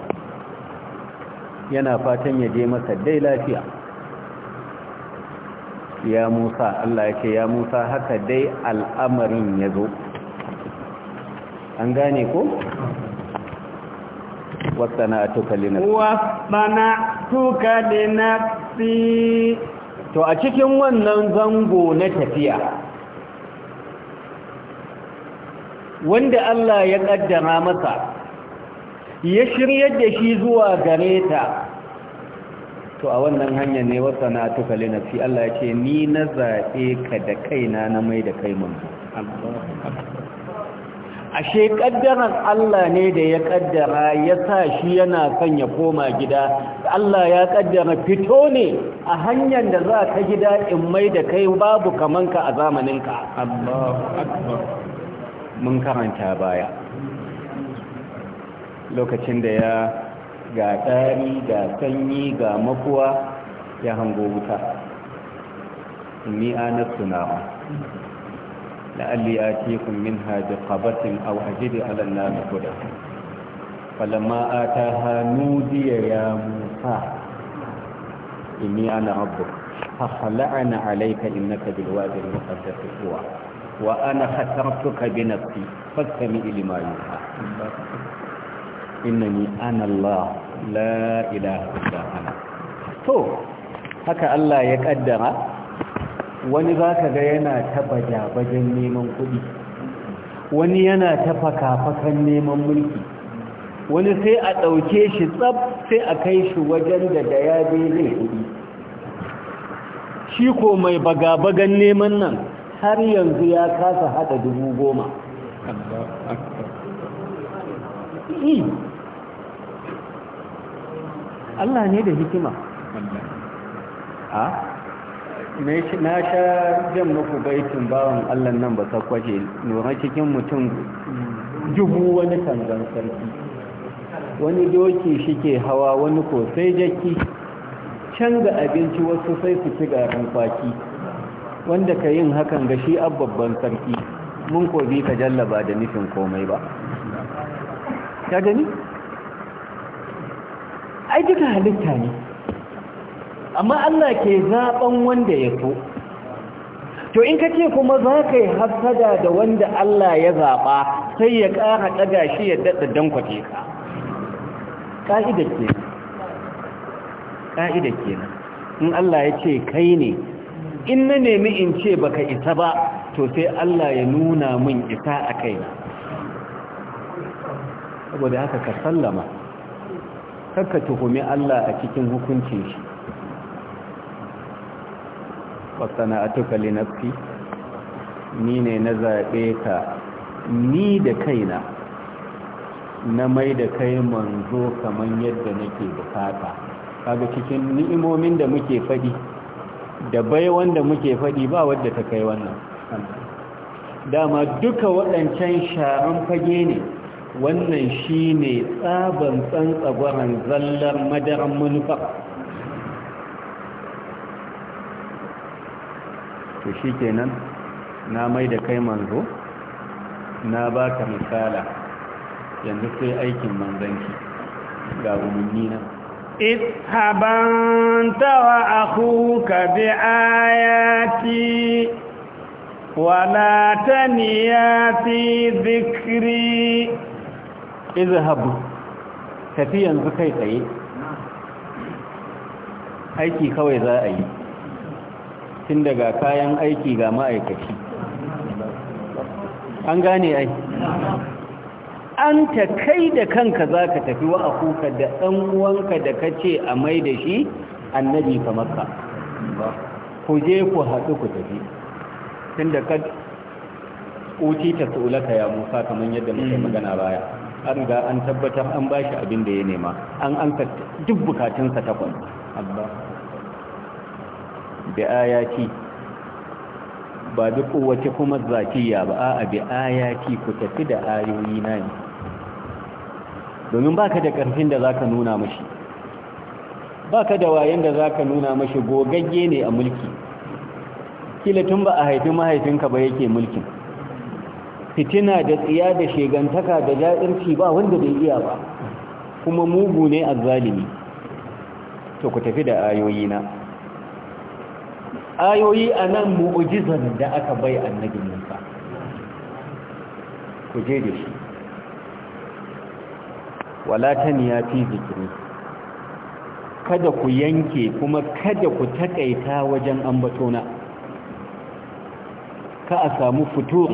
yana fatan ya je masa dai lafiya ya Musa Allah ya ce ya Musa haka dai al'amarin ya zo an gane ko wasana'atuka linafsi wasana'atuka linafsi to a cikin wannan zango na tafiya wanda Allah ya kaddara masa ya shiryar da shi zuwa gare ta to a wannan hanyar ne wasana'atuka linafsi Allah ya ce ni na zaɓe ka da kaina na mai da kai mun Allah ashe kaddaran Allah ne da ya kaddara ya sa shi yana son ya koma gida Allah ya kaddara fito ne a hanyar da za ka gida in mai da kai babu kamanka a zamaninka Allahu akbar mun karanta baya lokacin da ya ga tsari ga sanyi ga makuwa ya hango wuta ni anasu لعلي آتيكم منها بقبة أو أجد على النار هدى فلما آتاها نودي يا موسى إني أنا ربك فخلعنا عليك إنك بالوادي المقدس طوى وأنا خسرتك بنفسي فاستمع لما يوحى إنني أنا الله لا إله إلا أنا تو هكا الله يقدر wani za ka ga yana ta jabajen neman kuɗi wani yana tafa kafakan neman mulki wani sai a ɗauke shi tsab sai a kai shi wajen da da ya zai kuɗi shi ko mai bagabagan neman nan har yanzu ya kasa haɗa dubu goma Allah ne da hikima. Allah. na sha jan muku baitin bawan allah nan ba sakwaje nuna cikin mutum dubu wani kanzan sarki wani doki shi ke hawa wani ko sai jaki can ga abinci wasu sai su ci garin kwaki wanda ka yin hakan ga shi babban sarki mun ko bi ka jallaba da nufin komai ba ta gani ai duka halitta ne amma Allah ke zaɓen wanda ya so to in ka ce kuma za ka yi hasada da wanda Allah ya zaɓa sai ya ƙara ɗaga shi ya daɗa don ka ƙa'idar ke ƙa'idar ke in Allah ya ce kai ne in na nemi in ce baka isa ba to sai Allah ya nuna min isa a kai saboda haka ka sallama kakka tuhumi Allah a cikin hukuncin shi fasana'atuka li nafsi ni ne na zaɓe ka ni da kaina na mai da kai manzo kaman yadda nake bukata kaga cikin ni'imomin da muke faɗi da bai wanda muke faɗi ba wadda ta kai wannan dama duka waɗancan sharan fage ne wannan shi ne tsaban tsantsagwaron zallar madaran manufa to shi kenan na mai da kai manzo na ka misala yanzu sai aikin manzanki ga umarni nan ishabanta wa ka bi ayati wala niya fi zikri izhabu tafi yanzu kai tsaye aiki kawai za a yi tun daga kayan aiki ga ma'aikaci an gane ai an ta kai da kanka za ka tafi wa akuka da ɗan uwanka da ka ce a mai da shi annabi ka makka ku je ku haɗu ku tafi tun da ka ƙuci ta tsulaka ya musa kamar yadda muke mm. magana baya an ga an tabbatar an ba shi abin da ya nema an an duk bukatunsa takwas bi ayati ba bi kowace kuma zakiya ba a'a bi ayati ku tafi da ayoyi na ne domin baka da karfin da zaka nuna mashi baka da wayen da zaka nuna mashi gogagge ne a mulki kila tun ba a haifi mahaifinka ba yake mulkin fitina da tsiya da shegantaka da ja'irci ba wanda bai iya ba kuma mugu ne azzalimi to ku tafi da ayoyi na ayoyi a nan mu'ujizan da aka bai annabi musa ku je da shi ya fi zikiri kada ku yanke kuma kada ku takaita wajen ambatona ka a samu futur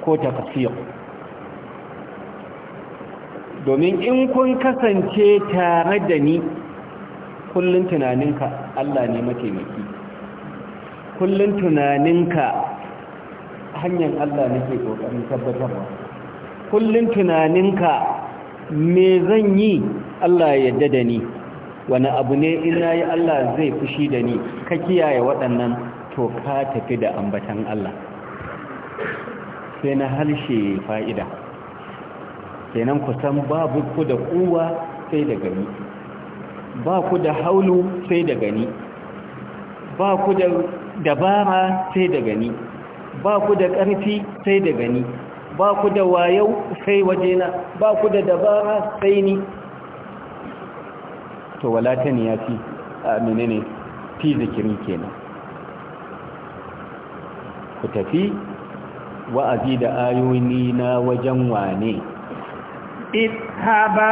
ko takasir domin in kun kasance tare da ni kullun tunaninka Allah ne mataimaki kullun tunaninka hanyar Allah nake kokarin tabbatarwa kullun tunaninka me zan yi Allah ya yadda da ni wani abu ne ina yi Allah zai fushi da ni ka kiyaye waɗannan to ka tafi da ambatan Allah sai na halshe fa'ida kenan kusan babu ku da kowa sai da gari ba ku da haulu sai da gani ba ku da dabara sai da gani ba ku da ƙarfi sai da gani ba ku da wayau sai wajena ba ku da dabara sai ni to walatan ya fi a menene fi zikiri kenan ku tafi wa'azi da ayoyi na wajen wane اذهبا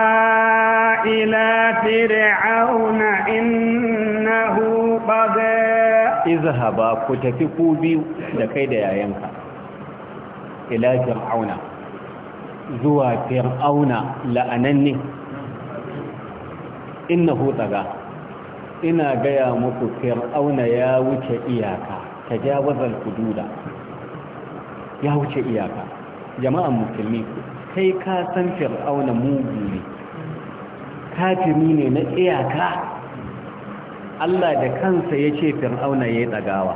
إلى فرعون إنه طغى اذهبا كتفكوا بي لكيد يا ينكا إلى فرعون زوى فرعون لأنني إنه طغى ina gaya muku fir'auna ya wuce iyaka tajawazal hududa ya wuce iyaka jama'an musulmi kai ka san fir'auna mugu ne kafiri ne na iyaka Allah da kansa ya ce fir'auna ya yi ɗagawa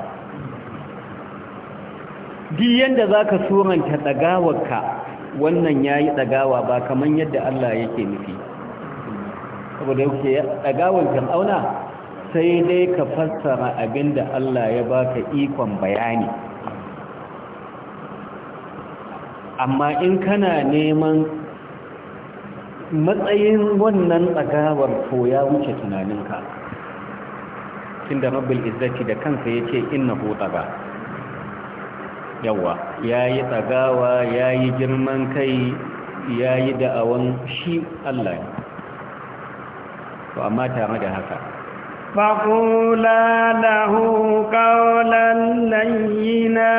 diyan da za ka suranta ɗagawarka wannan ya yi ɗagawa ba kamar yadda Allah yake nufi saboda yake ɗagawar fir'auna sai dai ka fassara abinda Allah ya baka ikon bayani amma in kana neman matsayin wannan tsagawar to ya wuce tunaninka da rabbul izzati da kansa ya ce ina hota tsaga yawa yi tsagawa ya yi girman kai ya yi da'awan shi Allah to amma tare da haka da hukawar qawlan na.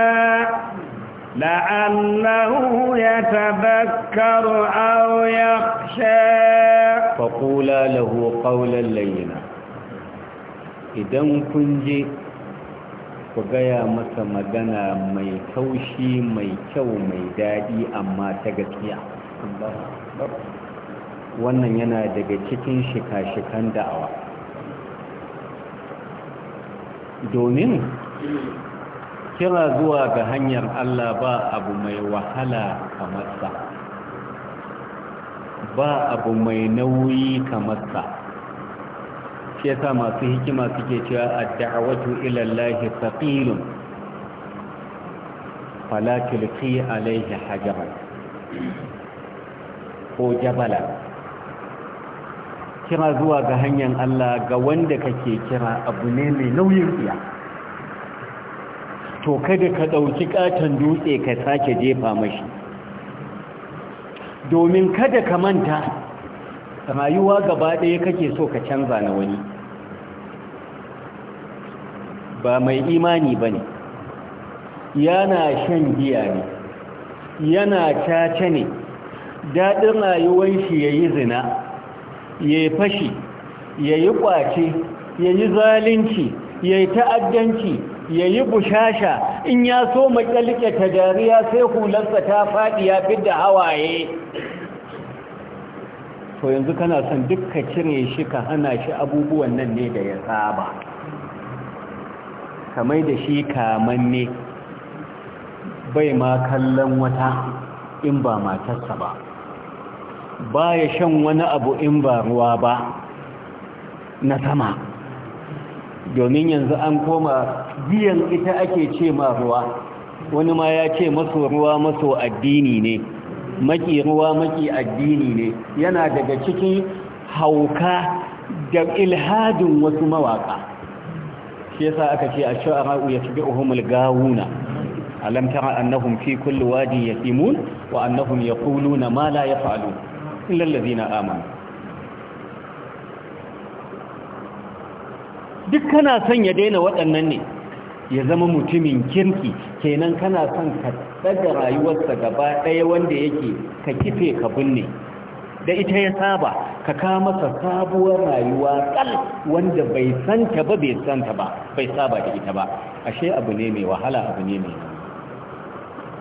لعله يتذكر أو يخشى فقولا له قولا لينا idan kun je ku gaya masa magana mai taushi mai kyau mai daɗi amma ta gaskiya wannan yana daga cikin shika-shikan da'awa domin kira zuwa ga hanyar Allah ba abu mai wahala kamar sa ba abu mai nauyi kamar sa shi yasa masu hikima suke cewa ad-da'watu ila Allah thaqilun fala tulqi alayhi hajaran ko jabala kira zuwa ga hanyar Allah ga wanda kake kira abu ne mai nauyin iya to kada ka ɗauki ƙaton dutse ka sake jefa mashi domin kada ka manta rayuwa gaba ɗaya kake so ka canza na wani ba mai imani ba ne yana shan giya ne yana caca ne daɗin rayuwar shi ya yi zina ya yi fashi ya yi ƙwace ya yi zalunci ya yi ta'addanci ya yi bushasha in ya so makyalike ta dariya sai hularsa ta faɗi ya fi da hawaye to yanzu kana son dukka cire shi ka hana shi abubuwan nan ne da ya saba kamai da shi ne, bai ma kallon wata in ba matarsa ba ba ya shan wani abu in ba ruwa ba na sama domin yanzu an koma Biyan ita ake ce ma ruwa wani ma ya ce maso ruwa maso addini ne maki ruwa maki addini ne yana daga cikin hauka da ilhadin wasu mawaka shi yasa aka ce a sha'ara'u ya shiga uhumul gawuna alam tara annahum fi kulli wadi yasimun wa annahum yaquluna ma la yafalu illa alladhina amanu duk kana son ya daina waɗannan ne ya zama mutumin kirki kenan kana son ka daga rayuwarsa gaba ɗaya wanda yake ka kife ka binne da ita ya saba ka kawo masa sabuwar rayuwa kal wanda bai santa ba bai santa ba bai saba da ita ba ashe abu ne mai wahala abu ne mai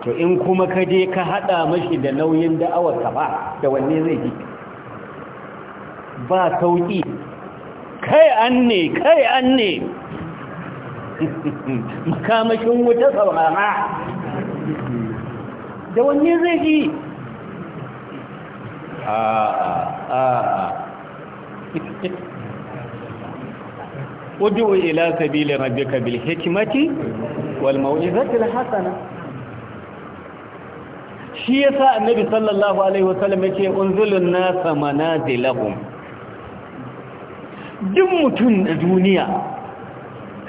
to in kuma ka je ka hada mashi da nauyin da'awarsa ka ba da wanne zai yi ba sauki kai an ne kai an ne makamashin wuta saurara da wani zai yi a a a udu ila sabili rabbika bil hikmati wal zai al hasana shi ya sa annabi sallallahu alaihi wasallam yake unzulun nasa manazilahum duk mutum na duniya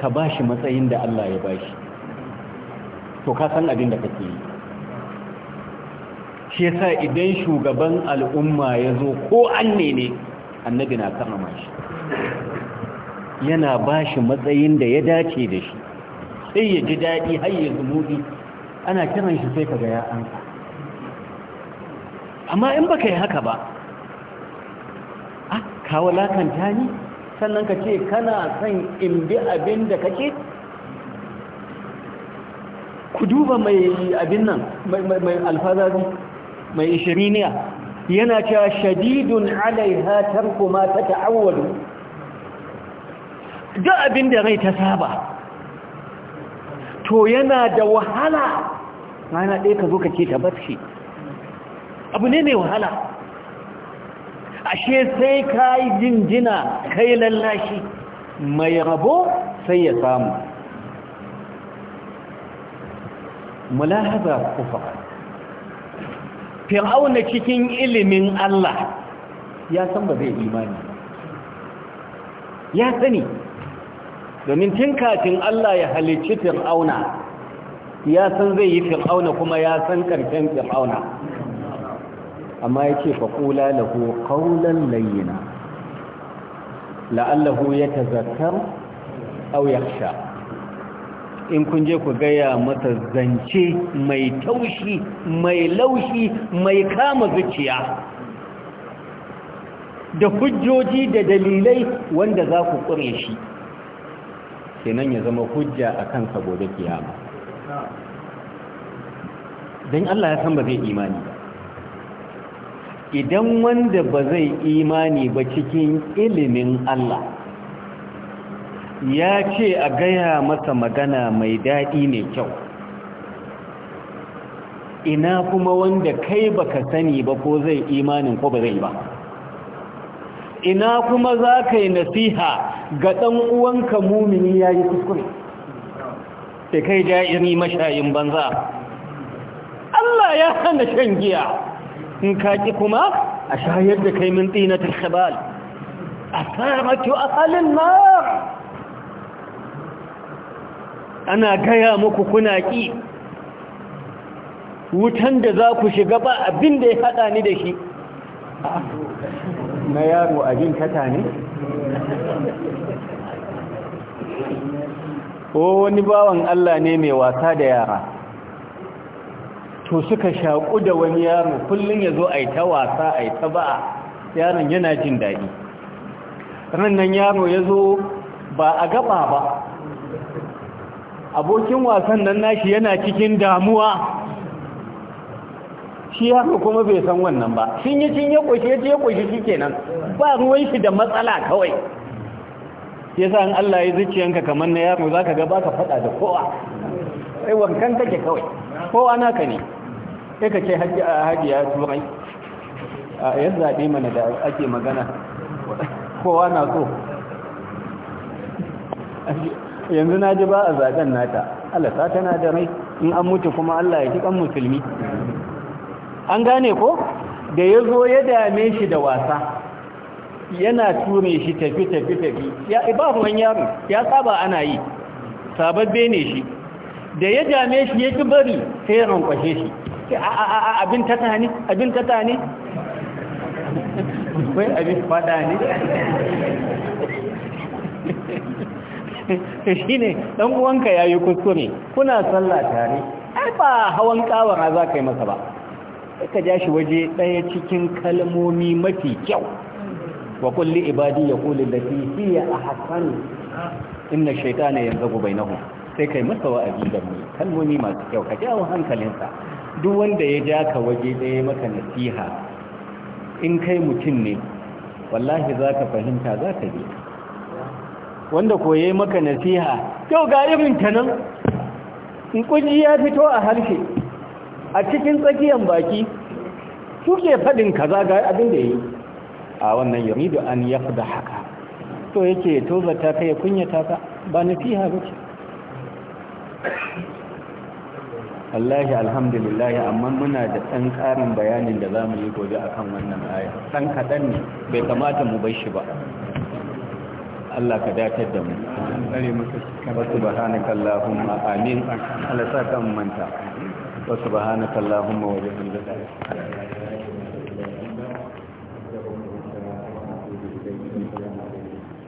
ka ba shi matsayin da Allah ya ba shi to ka san abin da kake yi shi yasa idan shugaban al'umma ya zo ko an ne annabi na kama shi yana ba shi matsayin da ya dace da shi sai ya ji daɗi har ya zumuɗi ana kiran shi sai ka ga ya anka. amma in baka yi haka ba ah kawo lakanta ni sannan ka ce kana son in bi abin da kake ku duba mai abin nan mai alfazazi mai ishiriniya yana cewa shadidun alaiha tarku ma ta ta'awwalu duk abin da rai ta saba to yana da wahala rana ɗaya ka zo ka ce ta barci abu ne mai wahala ashe sai ka yi jinjina kai lallashi mai rabo sai ya samu mulahaza kufa fir'auna cikin ilimin Allah ya san ba zai imani ya sani domin tun kafin Allah ya halicci fir'auna ya san zai yi fir'auna kuma ya san ƙarfin fir'auna amma ya ce faƙula lahu ƙaunar layyina la'allahu ya zartar auyaksha in kun je ku gaya mata zance mai taushi mai laushi mai kama zuciya da hujjoji da dalilai wanda za ku ƙure shi kenan ya zama hujja a kan saboda kiyama don Allah ya san ba zai imani ba idan wanda ba zai imani ba cikin ilimin Allah ya ce a gaya masa magana mai daɗi ne kyau ina kuma wanda kai ba ka sani ba ko zai imanin ko ba zai ba ina kuma za ka yi nasiha ga ɗan uwanka mumini ya yi kuskure da kai ja'iri mashayin banza Allah ya hana shan giya in ka ƙi kuma a shayar da kai min tsinatul khabal a halin ma. ana gaya muku kuna ƙi. wutan da za ku shiga ba abin da ya haɗa ni da shi na yaro abin kata ne ko wani bawan Allah ne mai wasa da yara to suka shaƙu da wani yaro kullum ya zo a yi ta wasa a yi ta yaron yana jin daɗi rannan yaro ya zo ba a gaba ba abokin wasan nan nashi yana cikin damuwa shi yaro kuma bai san wannan ba shin yi cin ya ƙoshe ya ƙoshe shi kenan ba ruwan shi da matsala kawai ya sa Allah ya zuciyanka kamar na yaro za ka gaba ka faɗa da kowa sai wankan take kawai ko ana ka ne sai ka ce hajiya turai a yan zaɓe mana da ake magana kowa na so yanzu na ji ba a zaɓen nata alasa tana da rai in an mutu kuma allah ya ji kan musulmi an gane ko da ya zo ya dame shi da wasa yana ture shi tafi tafi tafi ya ibahu wani yaro ya saba ana yi sababbe ne shi da ya jame shi ya ki bari sai ya rankwashe shi abin tata ne abin tata ne wai abin fada ne shi ne ɗan uwanka ya yi kuskure kuna sallah tare ai ba hawan kawara za ka yi masa ba ka ja shi waje ɗaya cikin kalmomi mafi kyau wa kulli ibadi ya da fi fiye a hassan inna shaitana yanzu gubainahun sai kai masa wa'azi da mu kalmomi masu kyau ka jawo hankalinsa duk wanda ya ja ka waje ɗaya maka nasiha in kai mutum ne wallahi za ka fahimta za ka je. wanda koye maka nasiha kyau ga irin ta nan in kunji ya fito a harshe a cikin tsakiyar baki suke faɗin kaza ga abin da ya yi a wannan da an ya da haka to yake tozarta kai kunyata ka ba nasiha ba ce wallahi alhamdulillah amma muna da ɗan ƙarin bayanin da za mu yi gobe a kan wannan aya ɗan kaɗan ne bai kamata mu bai shi ba Allah ka datar da mu wasu bahanaka Allahumma amin Allah sa kan manta wasu bahanaka Allahumma wajen da